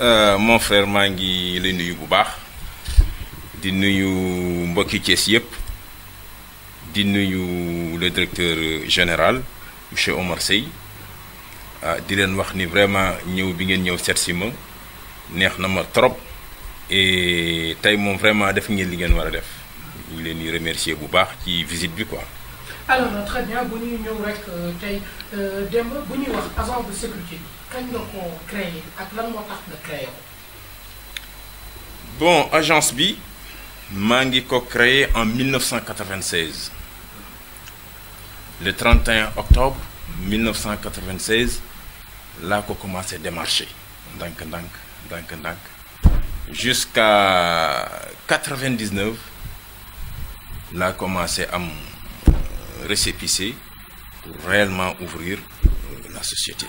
Euh, mon frère Mangi le nuyu bu baax di nuyu mbokki ties yep di nuyu le directeur général monsieur Omar Seye ah, di len wax ni vraiment ñew bi ngeen ñew seet si neex na ma trop et tay moom vraiment def ngeen li ngeen wara def ñu leen di remercier bu baax ci visite bi quoi. alors très bien bu ñuy ñëw rek euh, tay euh, démb bu ñuy wax agent de sécurité bon agence B, Mangi créée créé en 1996 le 31 octobre 1996 là ko commencé à Donc, donc, donc, donc. jusqu'à 99 commencé à récépisser pour réellement ouvrir euh, la société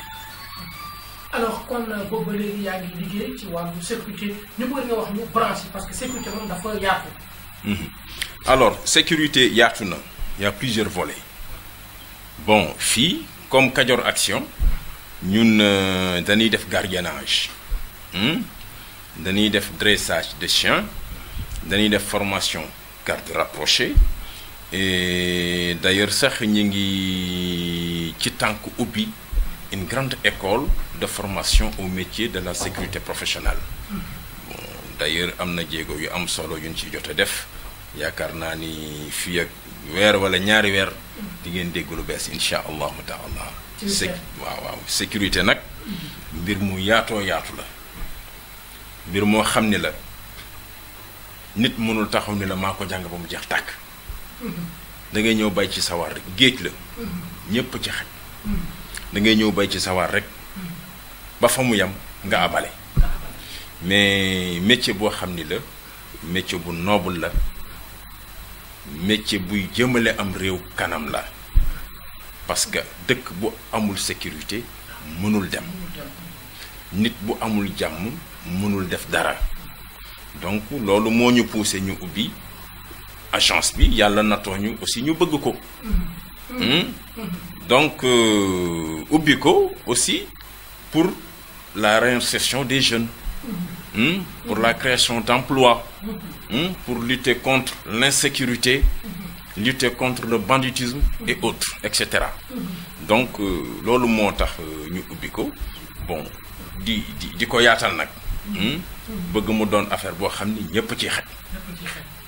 alors quand euh, boobu léegi yaa ngi liggéey ci wàllu sécurité nous bëri nga wax brancher parce que sécurité moom dafa yaatu. Mhm. alors sécurité yaatu il y' a plusieurs volets bon fi comme Kadior Action ñun euh, dañuy def gardiennage hmm? dañuy def dressage de chiens, dañuy def formation garde rapprochée et d'ailleurs ça, sax ñu ngi ci tànk une grande école de formation au métier de la sécurité professionnelle d'ailleurs amna diego yu am solo yuñ ci jot a def nani naa ni fii ak weer wala ñaari weer di ngeen dégg lu bess taala sécurité n'ak, mbir mu yaatoo yaatu la mbir mo xamni la nit mënul taxaw ni la maa ko jàng ba mu jeex tàkk mhm. da ngay ñëw bay ci sawar rek la mhm. ci xaj mhm. da ngay ñëw bay ci sawaar rek ba fa mu yam nga abale mais métier boo xam ni la métier bu noble la métier buy jëmale am réew kanam la parce que dëkk bu amul sécurité mënul dem nit bu amul jàmm mënul def dara donc loolu moo ñu poussé ñu ubbi agence bi yàlla natoo ñu aussi ñu bëgg ko mm-hmm. Hmm? Mm-hmm. donc Ubiko euh, aussi pour la réinsertion des jeunes mhm. hein, pour la création d'emplois mhm. hein, pour lutter contre l'insécurité mhm. lutter contre le banditisme et autres etc donc c'est euh, ce tax euh, ñu ubbi bon di di ko yaatal hein, affaire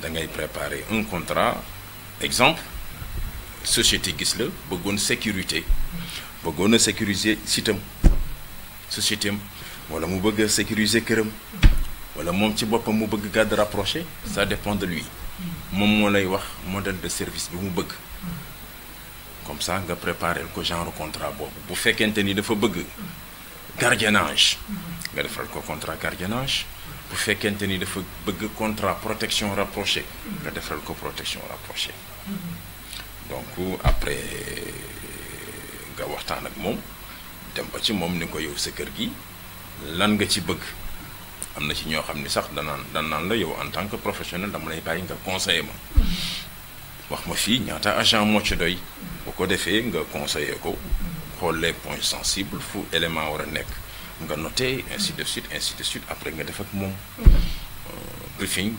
da préparer un contrat exemple société Gisle, la sécurité bëggoon a sécuriser sitam société am wala mu bëgg a sécuriser këram wala moom ci boppam mu bëgg garde rapproché ça dépend de lui mon moo wax modèle de service bi mu comme ça nga préparer ko genre contrat boobu bu fekkente ni dafa bëgg gardiennage nga defal ko contrat gardiennage bu fekkente ni dafa bëgg contrat protection rapprochée nga defal ko protection rapprochée donc après nga waxtaan ak moom dem ba ci moom ni ko yow sa kër gi lan nga ci bëgg am na ci ñoo xam ni sax danaan danaan la yow en tant que professionnel dama lay bàyyi nga conseiller ma wax ma fii ñaata agent moo ci doy bu ko defee nga conseiller ko xool les points sensibles fu élément war a nga noté ainsi de suite ainsi de suite après nga def ak mon euh, briefing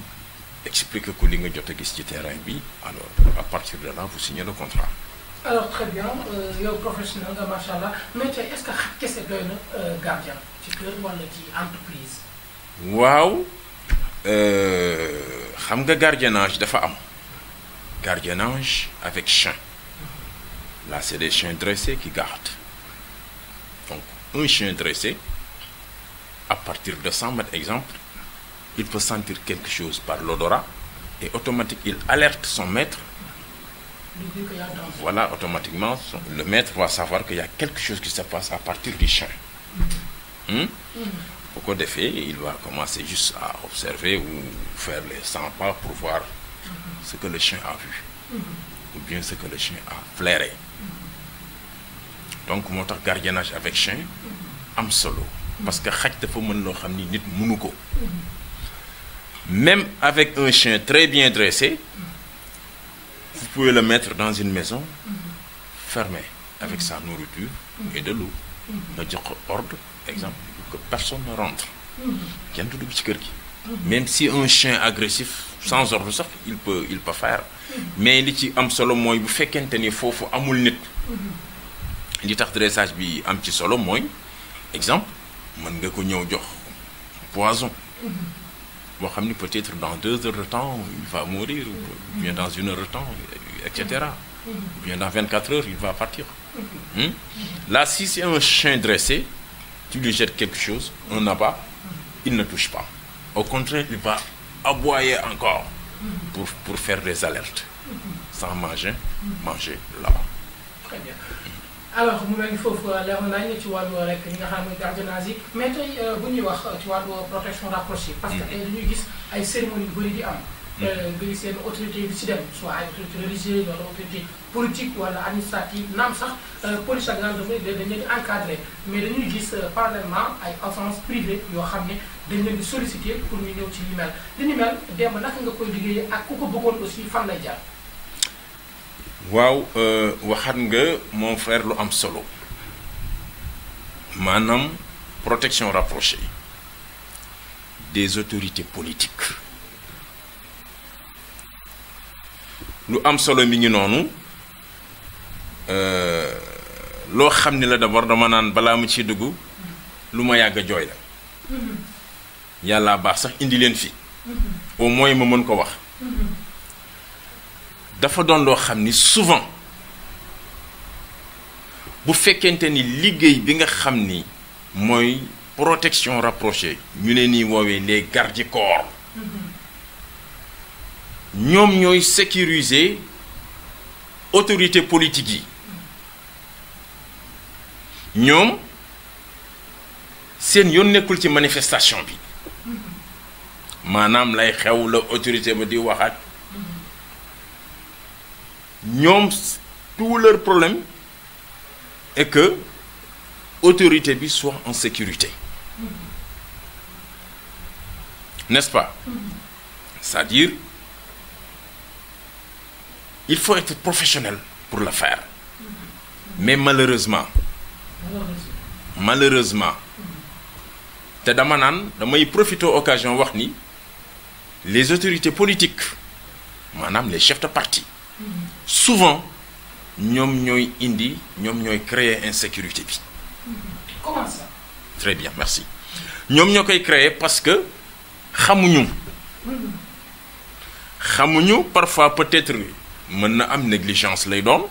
expliquer que li nga jotté gis ci terrain bi alors à partir de là vous signez le contrat. alors très bien euh, yow professionnel de machallah mais est-ce que xaj que doy na euh, gardien ci kër wala ci entreprise. waaw xam nga gardiennage dafa am gardiennage avec chien là c'est des chiens dressés qui gardent donc un chien dressé à partir de 100 mètres, exemple, il peut sentir quelque chose par l'odorat et automatiquement il alerte son maître. Voilà, automatiquement, le maître va savoir qu'il y a quelque chose qui se passe à partir du chien. Hmm? Hmm. Au cours des faits, il va commencer juste à observer ou faire les 100 pas pour voir ce que le chien a vu hmm. ou bien ce que le chien a flairé. Donc, mon gardiennage avec chien, am solo parce que xaj dafa mën loo xam ni nit mënu ko même avec un chien très bien dressé vous pouvez le mettre dans une maison fermée avec sa nourriture et de l'eau nga jox l'ordre, ordre exemple que personne ne rentre kenn du dugg même si un chien agressif sans ordre sax il peut il peut faire mais li ci am solo mooy bu fekkente ni foofu amul nit li tax dressage bi am ci solo mooy exemple man nga ko poison mm-hmm. boo peut-être dans deux heures de temps il va mourir ou mm-hmm. bien dans une heure de temps etc. Mm-hmm. ou bien dans 24 heures il va partir hmm? là si c'est un chien dressé tu lui jettes quelque chose un abat il ne touche pas au contraire il va aboyer encore pour, pour faire des alertes sans manger manger là-bas très bien alors mu mel ni foofu euh, leer nañ ci wàllu euh, rek li nga xam ne gardiennage yi mais tey euh, bu ñuy wax ci wàllu protection rapprochée parce que mm-hmm. tey dañuy gis ay cérémonie yu bëri di am. Mm-hmm. nga gis seen autorité yu si dem soit ay autorité religieuse wala autorité politique wala administrative naam sax police ak gendarmerie dañ leen di encadré mais dañuy gis parallèlement ay agence privée yoo xam ne dañ leen di sollicité pour ñu ñëw ci li mel li ni mel démb naka nga koy liggéeyee ak ku ko bëggoon aussi fan lay jaar waaw euh, waxat nga mon frère lu am solo maanaam protection rapprochée des autorités politiques lu am solo mi ngi noonu euh, loo xam ni la d'abord dama naan balaa mu ci dugg lu ma yàgg la mm-hmm. yàlla baax sax indi leen fi mm-hmm. au moins ma mën ko wax mm-hmm dafa doon loo xam ni souvent bu fekkente ni liggéey bi nga xam ni protection rapprochée ñu leen ni woowee les gardes corps ñoom ñooy sécuriser autorité politique yi ñoom seen yoon nekkul ci manifestation bi maanaam lay xew la autorité ma di wax tous tout leur problème est que l'autorité soit en sécurité n'est-ce pas c'est-à-dire il faut être professionnel pour le faire mais malheureusement malheureusement te dama de damay occasion les autorités politiques les chefs de parti souvent ñom ñoy indi ñom ñoy créer insécurité bi. comment ça. très bien merci ñom ñoo koy créer parce que xamuñu. xamuñu parfois peut-être mën am négligence lay doon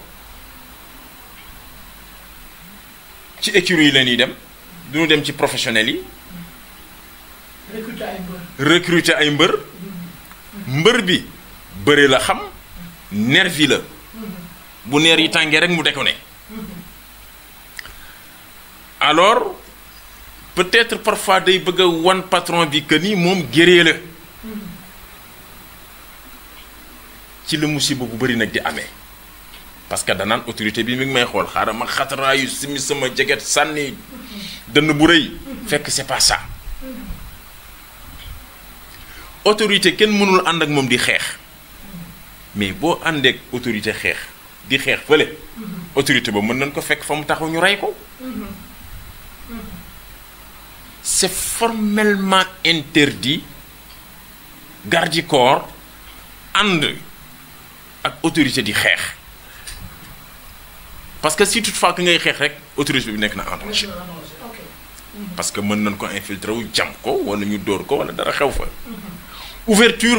ci écurie yi la ñuy dem duñu dem ci professionnel yi. recruter ay mbeur recruter ay mbeur mbeur bi la xam nervi la bu nerf yi tàngee rek mu déconné alors peut-être parfois day bëgg a wan patron bi que ni moom guerrier la ci la musiba bu bëri nag di amee parce que danaan autorité bi mi ngi may xool xaaral ma xataraayu simi sama jeget sànni dënn bu rëy fekk c'est pas ça autorité kenn mënul ànd ak moom di xeex mais si vous autorité xex di xex feulé mhm. autorité ba mën ko fekk mhm. Mhm. c'est formellement interdit garder corps en ak autorité di parce que si toutefois que ngay xex rek autorité en parce que mën nañ ko infiltrer jam ko ñu ko wala dara ouverture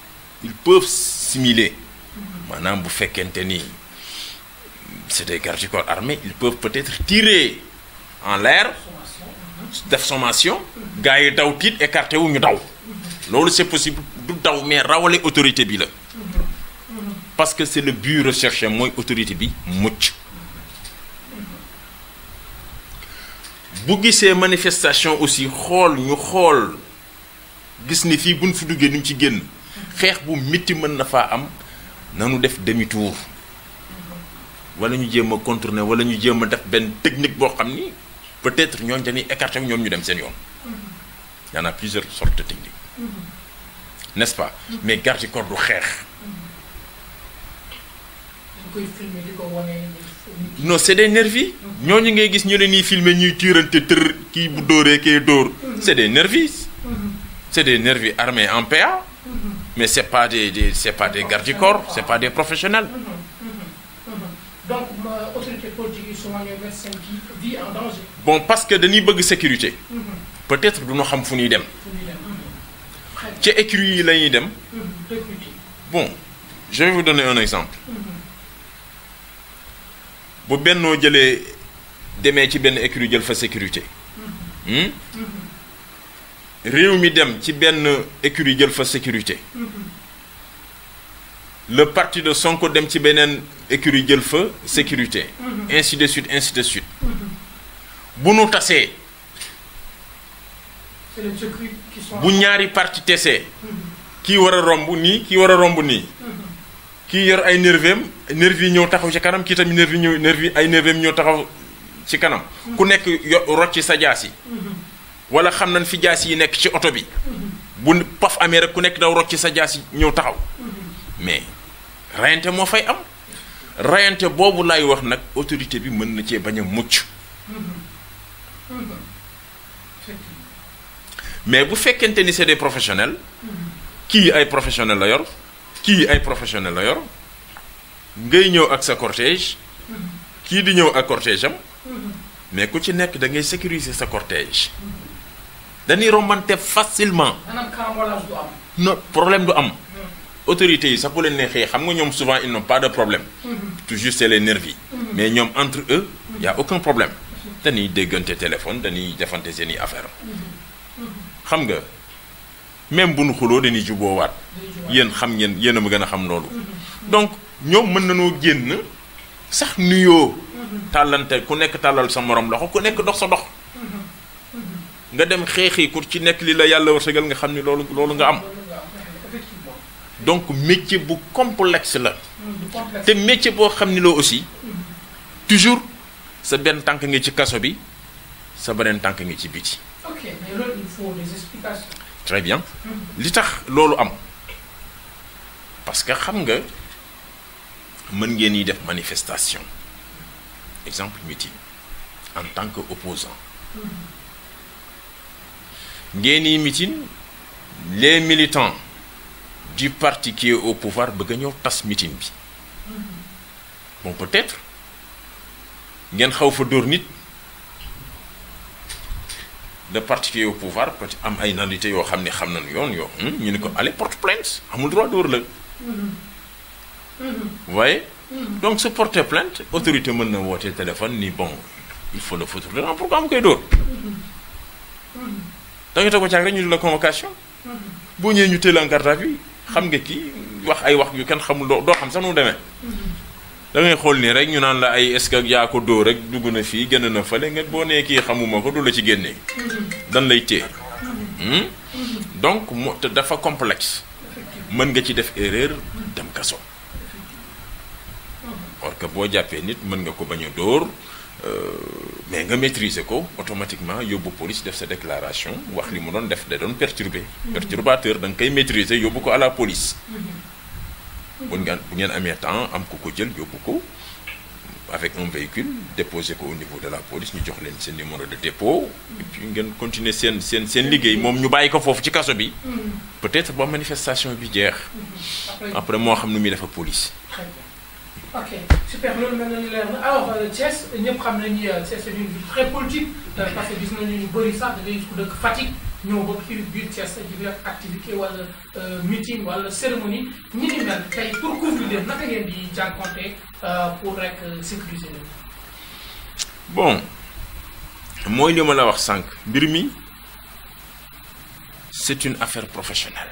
ils peuvent simuler. Maintenant, vous faites qu'un c'est des gardes corps armés, ils peuvent peut-être tirer en l'air, De formation, gagner daw et écarter ou daw. c'est possible, du mais rawale autorité Parce que c'est le but recherché, moi, autorité bi, mouch. bu ces manifestations aussi nous ñu xool gis ni fii buñ fi xeex bu métti mën na faa am nanu def demi tour wala ñu jéem a contourner wala ñu jéem a def benn technique boo xam peut-être ñooñu dañuy écarter ñoom ñu dem seen yoon. Mm-hmm. y en a plusieurs sortes de techniques. Mm-hmm. n'est-ce pas mm-hmm. mais garde corps du xeex. non c'est des nervis ñooñu ngay gis ñu ne nii filmer ñuy tiirante tër kii bu dóoree kee dóor. c'est des nervis. c'est des nervis armés en PA mais ce n'est pas des, gardes corps, ce n'est pas des professionnels. Donc, l'autorité politique vit en danger. Bon, parce que nous avons sécurité. Mm-hmm. Peut-être que nous savons où nous sommes. Qui écrit là nous Bon, je vais vous donner un exemple. Si nous avons demee ci benn écurie jël fa sécurité. Mm-hmm. Hmm? Mm-hmm réew mi dem ci écurie sécurité mm-hmm. le parti de Sonko dem ci beneen écurie jël sécurité mm-hmm. ainsi de suite ainsi de suite mm-hmm. bu qui tasee bu ñaari parti tesee kii war a romb nii kii war a romb ay ñëw taxaw ci kanam wala xam fi jaasi nekk ci oto bi bu paf sa mais rayante moo fay am rayante boobu laay wax nag autorité bi mën na cee mais bu fekkente des professionnels Qui est professionnels qui yor kii ay professionnels la yor ngay ak sa cortège kii di ñëw ak cortège mais ku ci sécuriser sa cortège dañuy romanté facilement. no problème du am. autorité yi sax bu leen neexee xam nga ñoom souvent ils n'ont pas de problème. Mhm. toujours c'est les nervis mhm. mais ñoom entre eux. y a aucun problème. Mhm. dañuy déggante téléphone dañuy defante seen i affaire xam nga même bu nu xuloo dañuy juboowaat. yéen xam ngeen yéen a gën a xam loolu. donc ñoom mën nañoo génn sax nuyoo. tàllante ku nekk tàllal sa morom loxo ku nekk dox sa dox nga dem xeexi kur ci nekk li la yàlla wërsëgal nga xam ni loolu loolu nga am donc métier bu complexe la te métier boo xam ni loo aussi toujours sa benn tànk ngi ci kaso bi sa beneen tànk ngi ci biti. très bien mm-hmm. li tax loolu am parce que xam nga mën ngeen yi def manifestation exemple meeting en tant que opposant mm-hmm ngeen mitin les militants du parti qui est au pouvoir bëgg ñoo ñëw tas mitin bi bon peut-être ngeen xaw fa dóor nit le parti qui est au pouvoir peut am ay nandité yoo xam ne xam nañu yoon yoo ñu ne ko allez porte plainte amul droit dóor la voyez donc se porter plainte autorité mën na woote téléphone ni bon il faut le foutre dedans pourquoi mu koy da ngay toog ba caag rek ñu di la convocation boo ñëwee ñu teel a en garde xam nga kii wax ay wax yu kenn xamul doo xam sax nu mu demee. da xool nii rek ñu naan la ay est-ce que yaa ko dóor rek dugg na fii génn na fële nga boo nee kii xamuma ko du la ci génnee. dan lay téye. Hmm? donc mo te dafa complexe. mën nga ci def erreur dem kaso. or que boo jàppee nit mën nga ko bañ a dóor Euh, mais nga maîtriser ko automatiquement yóbbu police def sa déclaration wax li mu doon def da doon perturbé. Mhm. perturbateur da nga maîtriser yóbbu ko à la police. Mhm. bu ngeen amé temps am ko ko jël yóbbu ko avec un véhicule déposer ko au niveau de la police ñu jox leen seen numéro de dépôt. et puis ngeen continuer sen sen sen liguey mom mhm. ñu bayiko fofu ci kasso bi. peut-être bo manifestation bi jeex. après mo xam nu muy def police ok super Alors, Thiès, il y a na alors euh, Thiès xam nañu euh, c'est une ville très politique euh, parce que gis nañu ñu bëri sax de ngay gis fatigue. dëkk Fatick ñëw une ci biir Thiès di def activité wala meeting wala cérémonie ñi ni mel pour couvrir naka ngeen di jànkonte pour rek sécuriser bon moi, li ma la wax sànq mbir mi c'est une affaire professionnelle.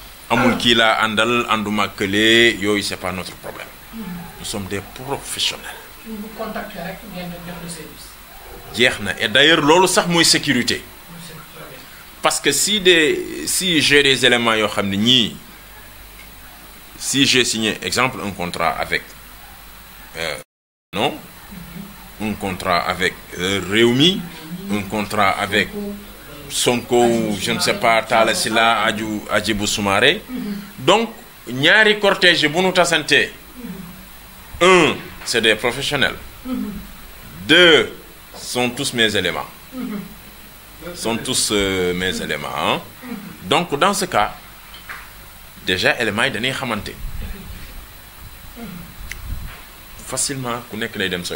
amul Andal, la andal c'est pas notre problème nous sommes des professionnels. le service. et d'ailleurs ça, sax moy sécurité parce que si des si j'ai des éléments yo, si j'ai signé exemple un contrat avec euh, non un contrat avec euh, Réumi, un contrat avec. Sonko je ne sais pas Tala Sila aju Hadjibou Soumaré donc ñaari cortège bu nu santé? un c'est des professionnels deux sont tous mes éléments sont tous euh, mes éléments hein. donc dans ce cas déjà éléments yi donné xamante facilement ku les lay dem sa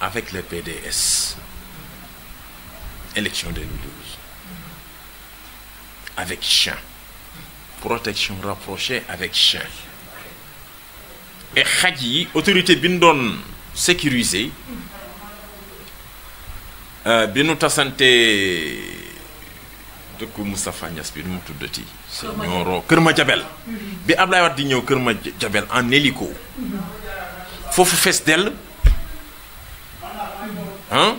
avec le PDS, élection 2012, avec Chien, protection rapprochée avec Chien. Et khadi autorité Bindon sécurisée, euh, Santé, de Moustapha Niass, bi de ti ñoro Kër Djabel. bi Ablaye Wade di en hélico mhm. Hein?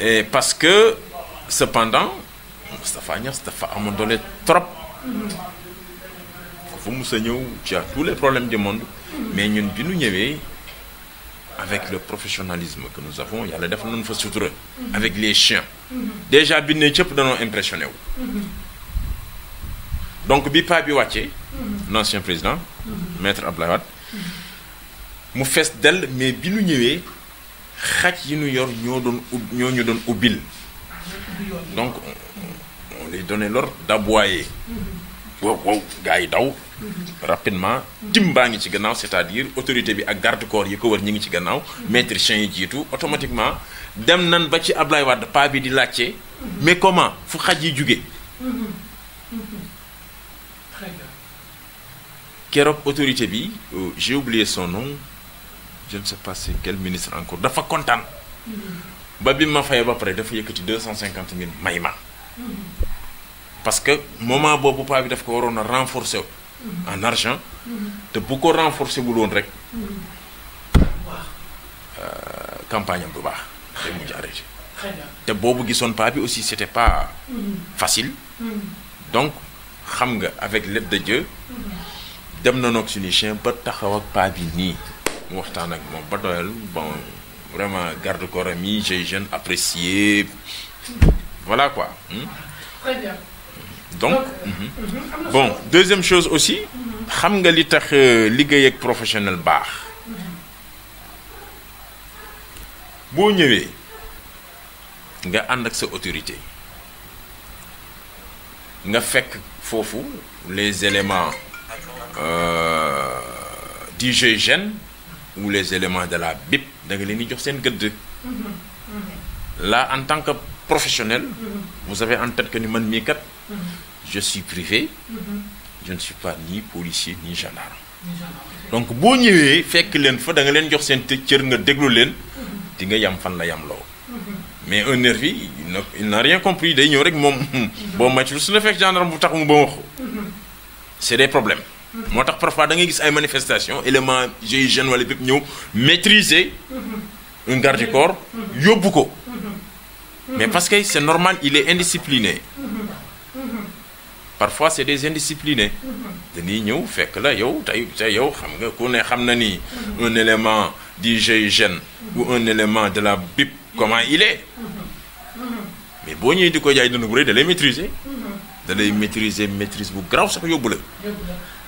Et parce que, cependant, Moustapha Agnès donné trop vous mos tu tous les problèmes du monde mais ñun sommes ñu avec le professionnalisme que nous avons il y a le def nous fa sutura avec les chiens déjà bi ne cëpp danoo impressionné donc bi pa mm-hmm. l'ancien président maître Ablawad, nous mu d'elle, mais bi ñu xaj yi ñu yor ñoo doon ub ñoo ñu doon ubbil donc on lui donnait l'ordre d'aboyer wow wow gars daw rapidement tim baa ngi ci gannaaw c'est-à-dire autorité bi ak garde corps yi ko war ñi ngi ci gannaaw maître chien yi jiitu automatiquement dem nan ba ci Ablaye Wade pas bi di laajte mais comment fu xaj yi jóge keroog autorité bi euh, j'ai oublié son nom je ne sais pas c'est quel ministre encore dafa kontaan. content bi ma fait ba 000 dafa parce que moment où suis pas a renforcé en argent. de beaucoup renforcé renforcer la euh, campagne un peu suis te aussi c'était pas facile. donc avec l'aide de Dieu. dem chien taxaw waxtaan ak moom ba doyal bon vraiment garde corps ami j'ai jeune apprécié voilà quoi. Hmm? très bien. donc hmm, hmm. bon deuxième chose aussi. xam nga li tax euh, liggéey ak professionnel baax. boo ñëwee nga ànd ak sa autorité nga fekk foofu les éléments. Euh, du jeune ou les éléments de la BIP là en tant que professionnel. vous avez en tête que ni man je suis privé. je ne suis pas ni policier ni gendarme. donc bon vous avez leen fa da nga jox nga mais un il n'a rien compris day a rek que match, c'est des problèmes. Moi, ne parfois pas si ay manifestation élément GIE jeune wala bip ñëw maîtriser un garde corps yóbbu beaucoup mais parce que c'est normal il est indiscipliné parfois c'est des indisciplinés Ils ñëw fekk la yow yo, yow xam nga un élément du ou un élément de la BIP comment il est mais bon, il di ko jaay dund bu de maîtriser de les maîtriser maîtrise bu grave sax yóbbu la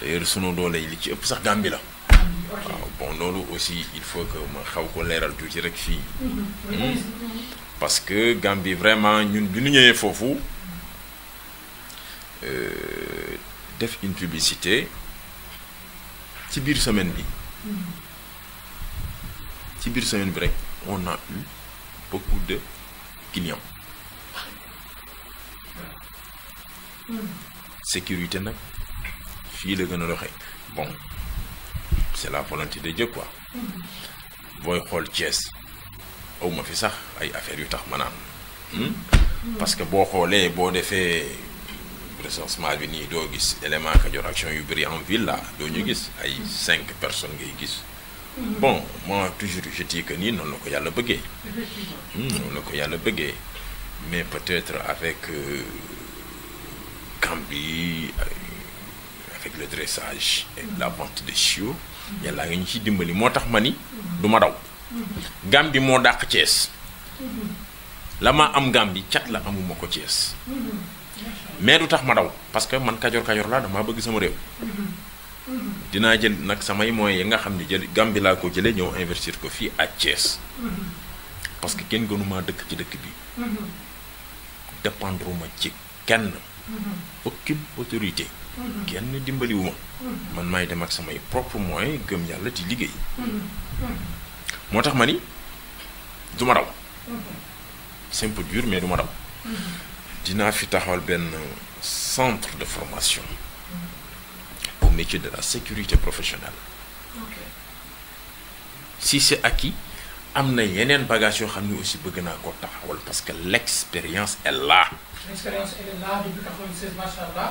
d'ailleurs sunu doole yi li ci ëpp sax la. Ah, bon nous aussi il faut que ma xaw ko leeral tuuti rek mm-hmm. hmm? parce que gambi vraiment ñun bi ñu fofu d'être euh, def une publicité ci biir semaine bi. Mm-hmm. ci biir semaine bi on a eu beaucoup de clients. Mm-hmm. sécurité Fille de gën bon c'est la volonté de Dieu quoi booy xool Thiès aw ma fi sax ay affaire yu tax maanaam hmm? parce que boo xoolee boo defee recensement bi nii doo gis élément Kajoor action yu en ville là doo ñu ay cinq personnes ngay gis bon moi toujours je dis que nii noonu la ko yàlla bëggee hmm, noonu la ko le bëggee mais peut-être avec Cambi. Euh, avec le dressage et la vente des chiots yalla nga ñu ci dimbali motax mani duma daw Gambie moo la ma am Gambi chat la amu mako ties mais du tax ma daw parce que man kadior kadior la dama bëgg sama rew dina jël nak samay moy yi nga xamni jël gambi la ko jëlé ñeu investir ko fi à ties parce que kenn gënuma dëkk ci dëkk bi dépendre ma ci kenn aucune autorité kenn dimbaliwu ma man maay dem ak samay propre moyen gëm yàlla ci liggéey moo tax ma ni du ma daw c'est dur mais du ma daw dinaa fi taxawal benn centre de formation au métier de la sécurité professionnelle si c'est acquis am na yeneen bagage yoo xam ne aussi bëgg naa ko taxawal parce que l'expérience est là. l'expérience est là depuis 96 macha allah.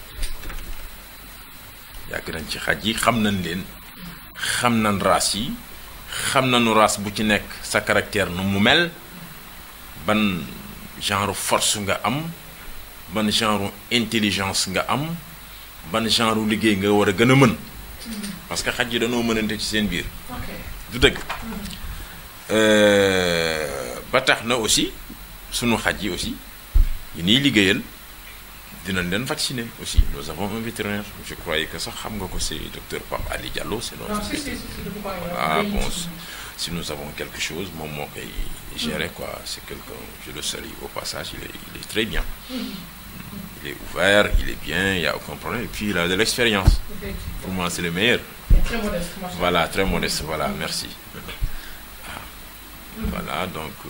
yàgg nañ ci xaj yi xam nañ leen xam nañ race yi xam nañu race bu ci nekk sa caractère nu mu mel ban genre force nga am ban genre intelligence nga am ban genre liggéey nga war a gën a mën parce que xaj yi dañoo mënante ci seen biir du dëgg mm. euh, ba tax na aussi sunu xaj yi aussi yi niy liggéeyal aussi nous avons un vétérinaire je croyais que ça xam nga docteur Pape Ali c'est notre ah bon si nous avons quelque chose mon mot gérer mm. quoi c'est quelqu'un je le salue au passage il est très bien mm. il est ouvert il est bien il n'y a aucun problème et puis il a de l'expérience pour moi c'est le meilleur voilà très modeste voilà merci mm. ah. voilà donc euh,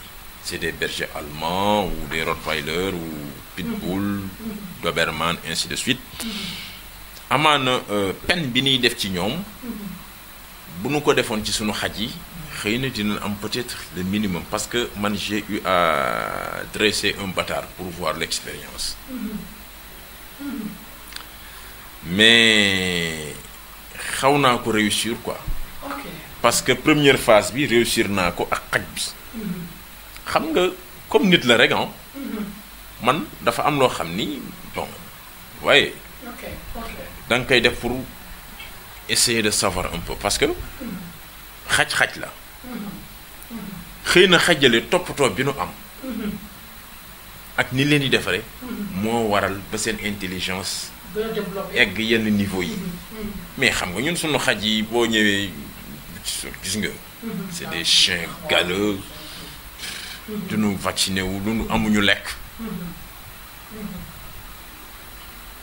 c'est des bergers allemands ou des Rottweiler ou Pitbull, Doberman, ainsi de suite. Amane euh, peine bini def ci ñom bu ñu ko ci peut-être le minimum parce que man j'ai eu à dresser un bâtard pour voir l'expérience mais xawna a ko réussir quoi parce que première phase bi réussir n'a ak mm-hmm xam comme nit la rek ah. mm-hmm. man dafa am bon essayer de savoir un peu parce que mm-hmm. xaj-xaj la. Mm-hmm. xëy am. ak ni waral intelligence. egg yenn niveau yi. mais xam nga ñun sunu c'est des chiens ah, galeux de nous vacciné ou de nous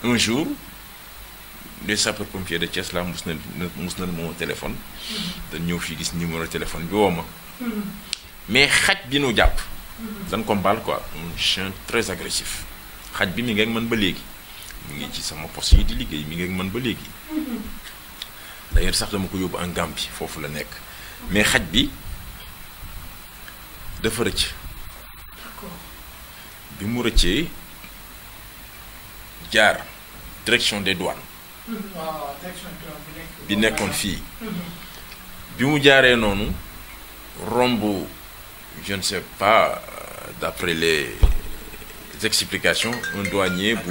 un jour les sapeurs-pompiers de Thiès la téléphone Ils ce numéro téléphone mais le bi un chien très agressif xaj bi mi man ba mi ngi ci sama yi di d'ailleurs sax dama ko en Gambie mais la mais xaj bi de bi mu direction des douanes. bi nekkoon fii. bi mu non je ne sais pas d'après les explications un douanier bu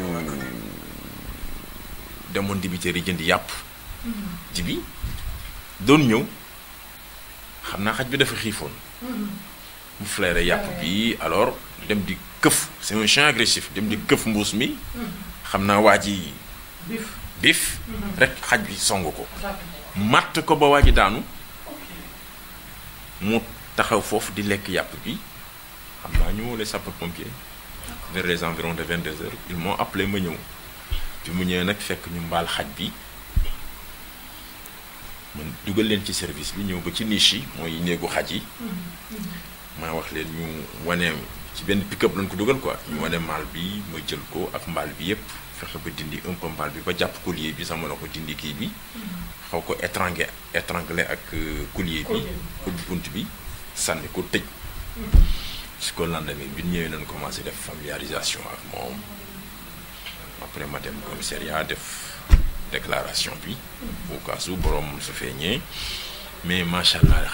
demoon mon jënd yàpp. dibi doon ñëw alors dem këf c'est un chien agressif dem di këf mbuus mi xam naa waa ji bif mhm. rek xaj bi song ko mat ko ba waa ji daanu mu taxaw foofu di lek yap bi xam naa ñu wolé les pompier vers les environs de 22 h ils m'ont appelé ma ñëw bi mu ñew nak fekk ñu mbal xaj bi man dugal leen ci service bi ñëw ba ci niche moy mooy néegu xaj yi mhm. mhm. maa wax leen ñu wané ci un pick-up ko quoi bi ma jël ko ak bi dindi un peu bi ba japp collier bi sama dindi ki bi xaw ko étranger ak euh, collier bi bi ko nañ commencé def familiarisation ak après Madame commissariat def déclaration bi au cas où borom su mais machallah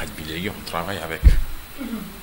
on travaille avec mm-hmm.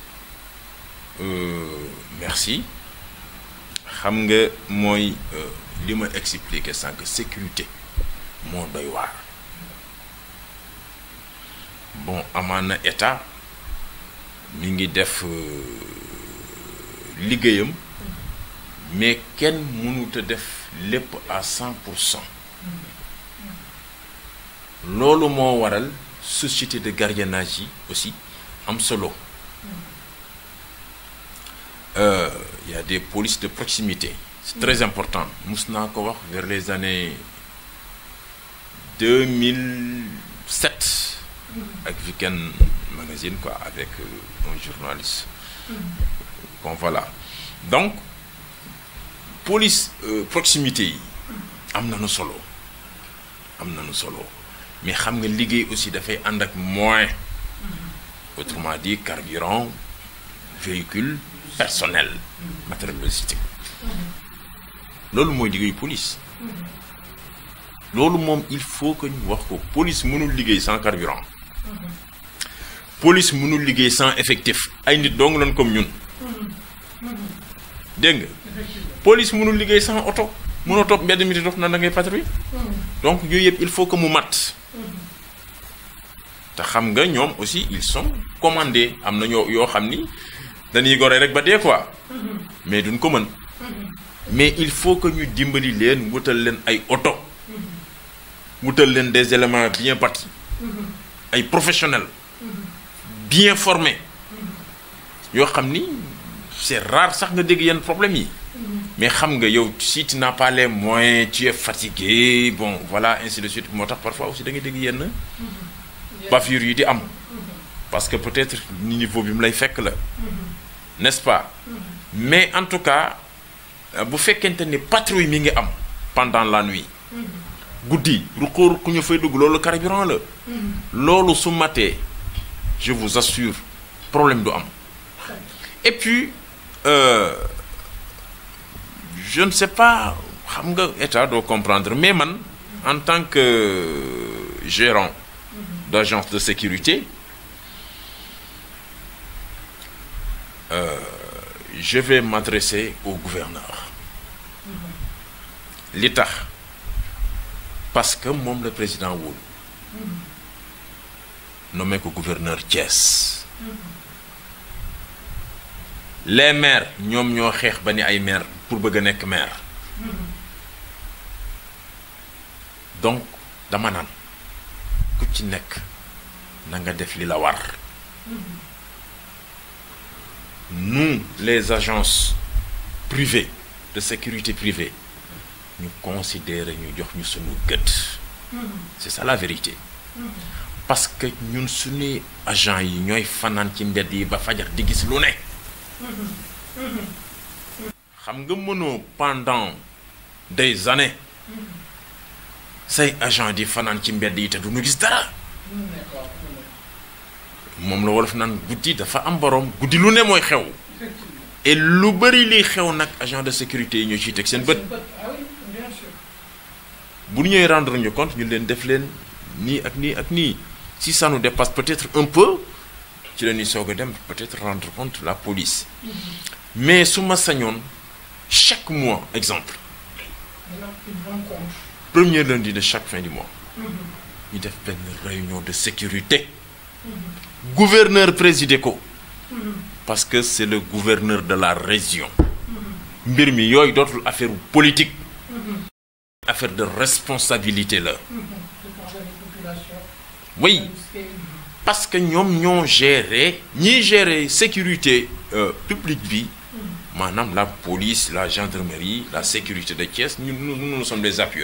Euh, merci xam nga mooy m'explique euh, ma expliqué sécurité mon doy bon à mon état mi ngi def euh, mais ken mounou a def à 100% pour cent waral société de gardiennage aussi am solo il euh, y a des polices de proximité. C'est très mm. important. Nous encore vu vers les années 2007 mm. avec Weekend Magazine quoi avec euh, un journaliste. Mm. bon voilà donc police euh, proximité amna solo Amna solo mais xam nga aussi fait un moins. moins. autrement dit carburant véhicule personnel matériel logistique moy mooy police loolu mom il faut que ñu wax ko police mënul liggéey sans carburant police mënul liggéey sans effectif ay nit dong lañ comme ñun dégg police mënul liggéey sans auto mënoo topp mbedd mi di dox la ngay patrouille donc yooyu il faut que mu mat ta xam nga ñom aussi ils sont commandés amna ñoo yo xamni dañuy gore rek ba dee quoi mais duñ ko mën mais il faut que ñu dimbali leen wutal leen ay auto wutal leen des éléments bien bâtis ay professionnels bien formés yo xamni c'est rare sax nga dégg yenn problème yi mais xam nga yow si tu n'as pas les moyens tu es fatigué bon voilà ainsi de suite moo tax parfois aussi da nga dégg yenn bavure yi di am parce que peut-être niveau bi mu lay fekk la n'est-ce pas mm-hmm. mais en tout cas vous euh, fekkente a patrouille mi ngi am pendant la nuit mm-hmm. guddi vous ñu fay carburant mm-hmm. je vous assure problème d'homme. et puis euh, je ne sais pas xam nga état comprendre mais man en tant que gérant d'agence de sécurité Euh, je vais m'adresser au gouverneur. L'État. Parce que moi, le président Woul, nommé que gouverneur Thiès. Les maires, ñom nyom xex ba maire pour bëgg maires. maire. Donc dama nan ku ci nek na nga def la nous, les agences privées, de sécurité privée, nous considérons nous sommes mm-hmm. C'est ça la vérité. Mm-hmm. parce que nous sommes agents yi ñooy fanaan ci mbedd yi ba fajar di gis lu pendant des années ces mm-hmm. agents di qui ci mbedd yi nous bah, mom la wolof naan guddi dafa am borom guddi lu ne moy xew et lu bëri li xew nak agent de sécurité ñu ci tek sen seen bu ñuy rendre ñu compte ñu leen def leen ni ak ni ak ni si ça nous dépasse peut-être un peu ci la soog a dem peut-être rendre compte la police mais su ma sañoon chaque mois exemple premier lundi de chaque fin du mois ñu def benn réunion de sécurité gouverneur président. parce que c'est le gouverneur de la région il y d'autres d'autres affaires politiques, affaires de responsabilité là. oui parce que nous, nous gérer ni gérer sécurité euh, publique bi la police la gendarmerie la sécurité des pièces, nous sommes des appuis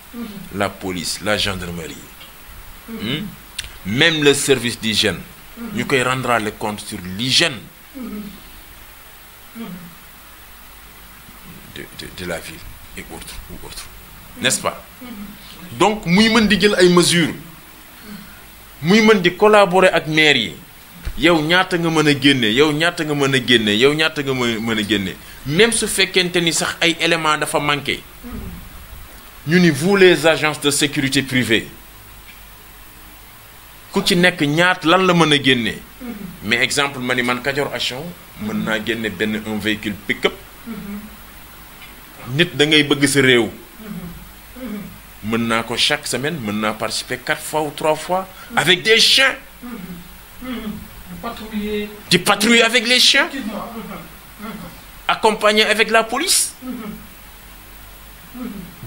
Mhm. la police la gendarmerie mm -hmm. même le service d'hygiène mhm. ñu koy rendra le compte sur l'hygiène mhm. de, de, de la ville et autres ou autres n'est-ce pas donc muy mën di jël ay mesures muy mën di collaborer ak maire yi yow ñaata nga mën a yow ñaata nga mën a yow ñaata nga mën a même su fekkente ni sax ay éléments dafa manqué nous ni vous les agences de sécurité privée ku ce qui ñaat lan la mën mais exemple ma ni man Kajoor Action un véhicule pick-up nit da ngay bëgg sa réew chaque semaine Je naa participer quatre fois ou trois fois avec des chiens Tu patrouilles avec les chiens accompagné avec la police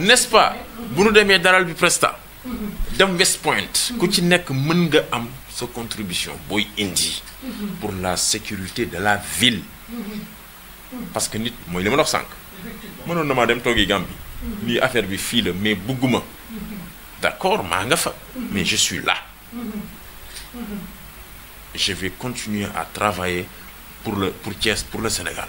n'est-ce pas bu nous daral bi Presta dem West Point ku ci nga am sa contribution boy indi pour la sécurité de la ville parce que nit mooy li ma dox sànq mënoon na maa dem toogi Gambie lii affaire bi file, mais bugguma d'accord mais je suis là je vais continuer à travailler pour le pour Thiès pour le Sénégal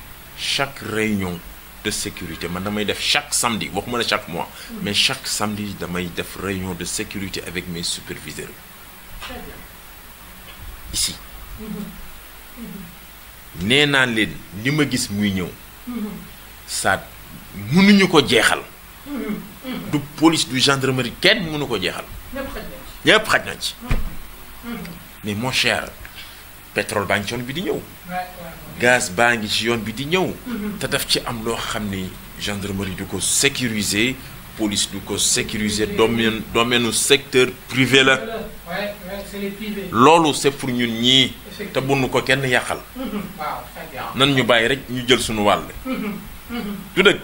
chaque réunion de sécurité man damay def chaque samedi waxuma la chaque mois mais chaque samedi damay def réunion de sécurité avec mes superviseurs ici nee naa leen li ma gis muy ñëw ça mënuñu ko jeexal du police du gendarmerie kenn ne ko jeexal ñépp mm-hmm. mm-hmm. mais mon cher pétrole baa ci yoon bi di ñëw. gaz baangi ci yoon bi di ñëw. Mm-hmm. te daf ci am loo xam ni gendarmerie du ko sécuriser police du ko sécuriser domaine domaine secteur privé la. loolu c'est pour ñun ñii. te bunu ko kenn yàqal. Mm-hmm. nan ñu bàyyi rek ñu jël suñu wàll. Mm-hmm. du dëgg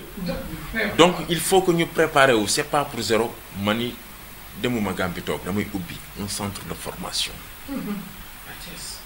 donc il faut que ñu préparer wu c'est pas pour zéro mani ni demuma Gàmbi toog damay ubbi un centre de formation.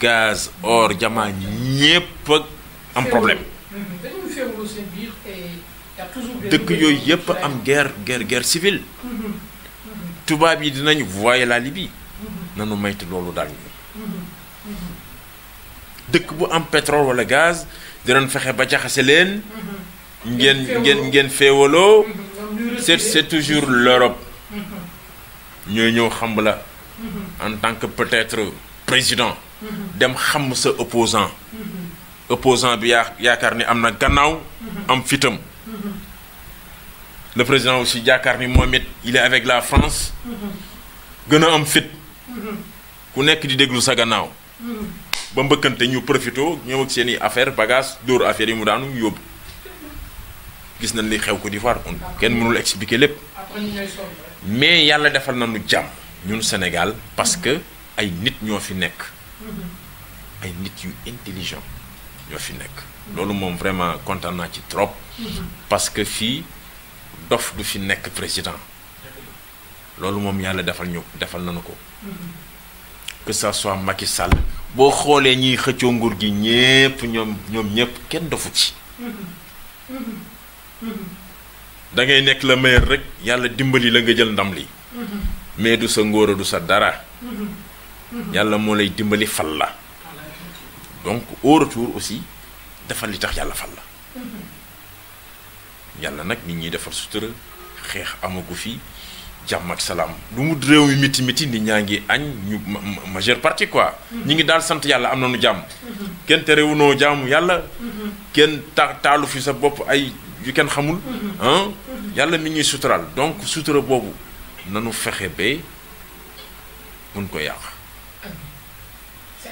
gaz or diamant pas un problème mm-hmm. dëkk y a am guerre guerre guerre civile Tout le monde voit la Libye mm-hmm. nanu maytu l'eau daal mm-hmm. dëkk bu am pétrole ou le gaz dinañ y ba a pas pas c'est c'est toujours l'Europe nous, sommes en tant que peut-être président dem xam sa opposant opposant bi ni am na gannaaw am le président aussi il est avec la France gën a am fit ku nekk di déglu sa gannaaw ba mbëkkante ñu profito ñëw ak seen affaire bagage dóor affaire yi mu daanu yóbbu gis nañ li xew ko di mënul expliquer mais defal na ñun Sénégal parce que ay nit ñoo ay nit yu intelligent ñoo fi nekk. loolu moom vraiment kontaan naa ci trop. parce que fii dof du fi nekk président. loolu moom yàlla defal ñu defal nañu ko. que ça soit Macky Sall boo xoolee ñiy xëccoo nguur gi ñépp ñoom ñoom ñépp kenn dofu ci. da ngay nekk la meilleur rek yàlla dimbali la nga jël ndam li mais du sa ngóora sa dara. yalla mo lay dimbali fal la donc au retour aussi defal li tax yalla fal la yalla nak nit ñi defal sutura xex amagu fi jàmm ak salaam lu mu rew mi miti miti nit ñangi ngi ñu majeure partie quoi ñi ngi dal sante yalla amna nu jàmm kenn te réewunoo jàmm yàlla kenn ta fi sa bop ay yu ken xamul hein yalla nit ñi suturaal donc sutura bobu nanu fexé be buñ ko yàq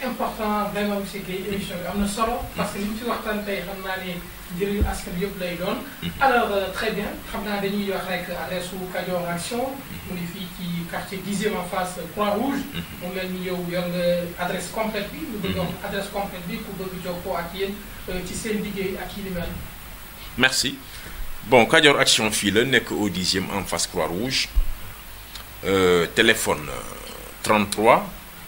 important vraiment monsieur Guèye émission bi am na solo parce que ni ci waxtaan tey xam naa ne njëriñu askan yëpp lay doon alors euh, très bien xam naa dañuy wax rek adresse wu Kadior Action mu ngi fii ci quartier dixième en face Croix-Rouge mu mel ni yow yor nga adresse complète bi ñu bëgg adresse complète bi pour bëgg ko ak yéen euh, ci seen liggéey ak yi mel merci bon Kadior Action fii la nekk au dixième en face Croix-Rouge euh, téléphone 33 euh,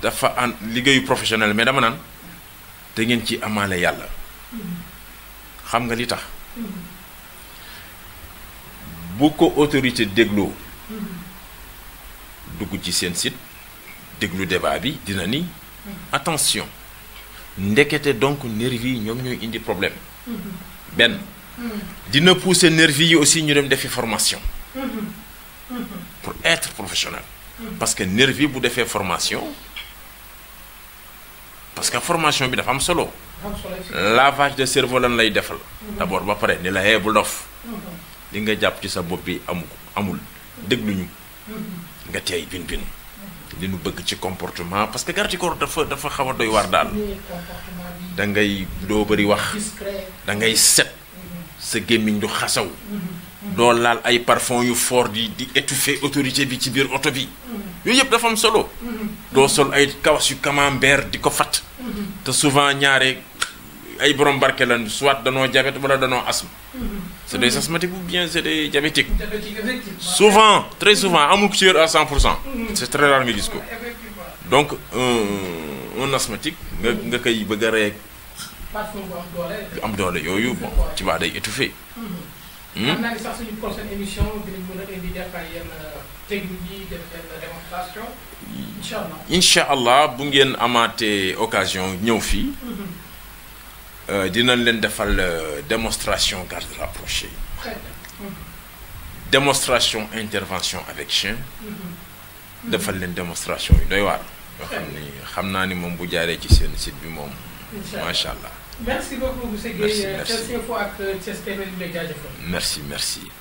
dafa an liggéeyu professionnel mais dama ci xam nga li tax autorité ci déglu débat bi dina ni attention donc nervi yi indi problème dina formation pour être professionnel parce que nervi bu faire formation parce que formation bi dafa am solo. lavage de cerveau lan lay defal. D'abord, abord ba pare ni la hee bul dof li nga jàpp ci sa bopp bi amu amul dégluñu nga tey bin bin li nu bëgg ci comportement parce que garde-corps dafa dafa xaw a doy waar daal da ngay doo bëri wax da ngay set sa gémmiñ du xasaw doo laal ay parfum yu fort di di étouffer autorité bi ci biir oto bi yooyu yëpp dafa am solo doo sol ay kawas yu camembert di fat te souvent ñaare ay borom barke lan soit danoo diabète wala danoo asthme. c'est des asthmatiques ou bien c'est des diabétiques. souvent très souvent amul ku ci à 100 pour cent. c'est très rare nga gis ko. donc un un asthmatique nga nga koy bëgg a rey. am doole yooyu bon ci baa day étouffé. am naa sax suñu prochaine émission dinañ mën a indi yenn technique de, de démonstration incha allah bu ngeen amaté occasion ñëw fii. Mm-hmm. Euh, dinañ leen defal euh, démonstration garde rapprochée. Mm-hmm. démonstration intervention avec chien. Mm-hmm. defal leen démonstration yu doy waar. yoo xam ni xam naa ni moom bu jaaree ci seen site bi moom. macha allah merci beaucoup monsieur Guèye merci merci merci merci merci.